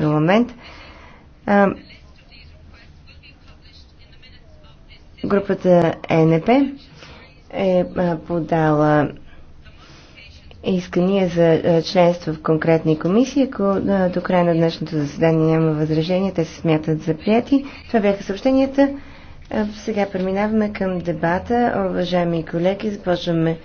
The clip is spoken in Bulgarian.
парламент. Групата ЕНП е, е подала искания за членство в конкретни комисии. Ако до края на днешното заседание няма възражения, те се смятат за прияти. Това бяха съобщенията. Сега преминаваме към дебата. Уважаеми колеги, започваме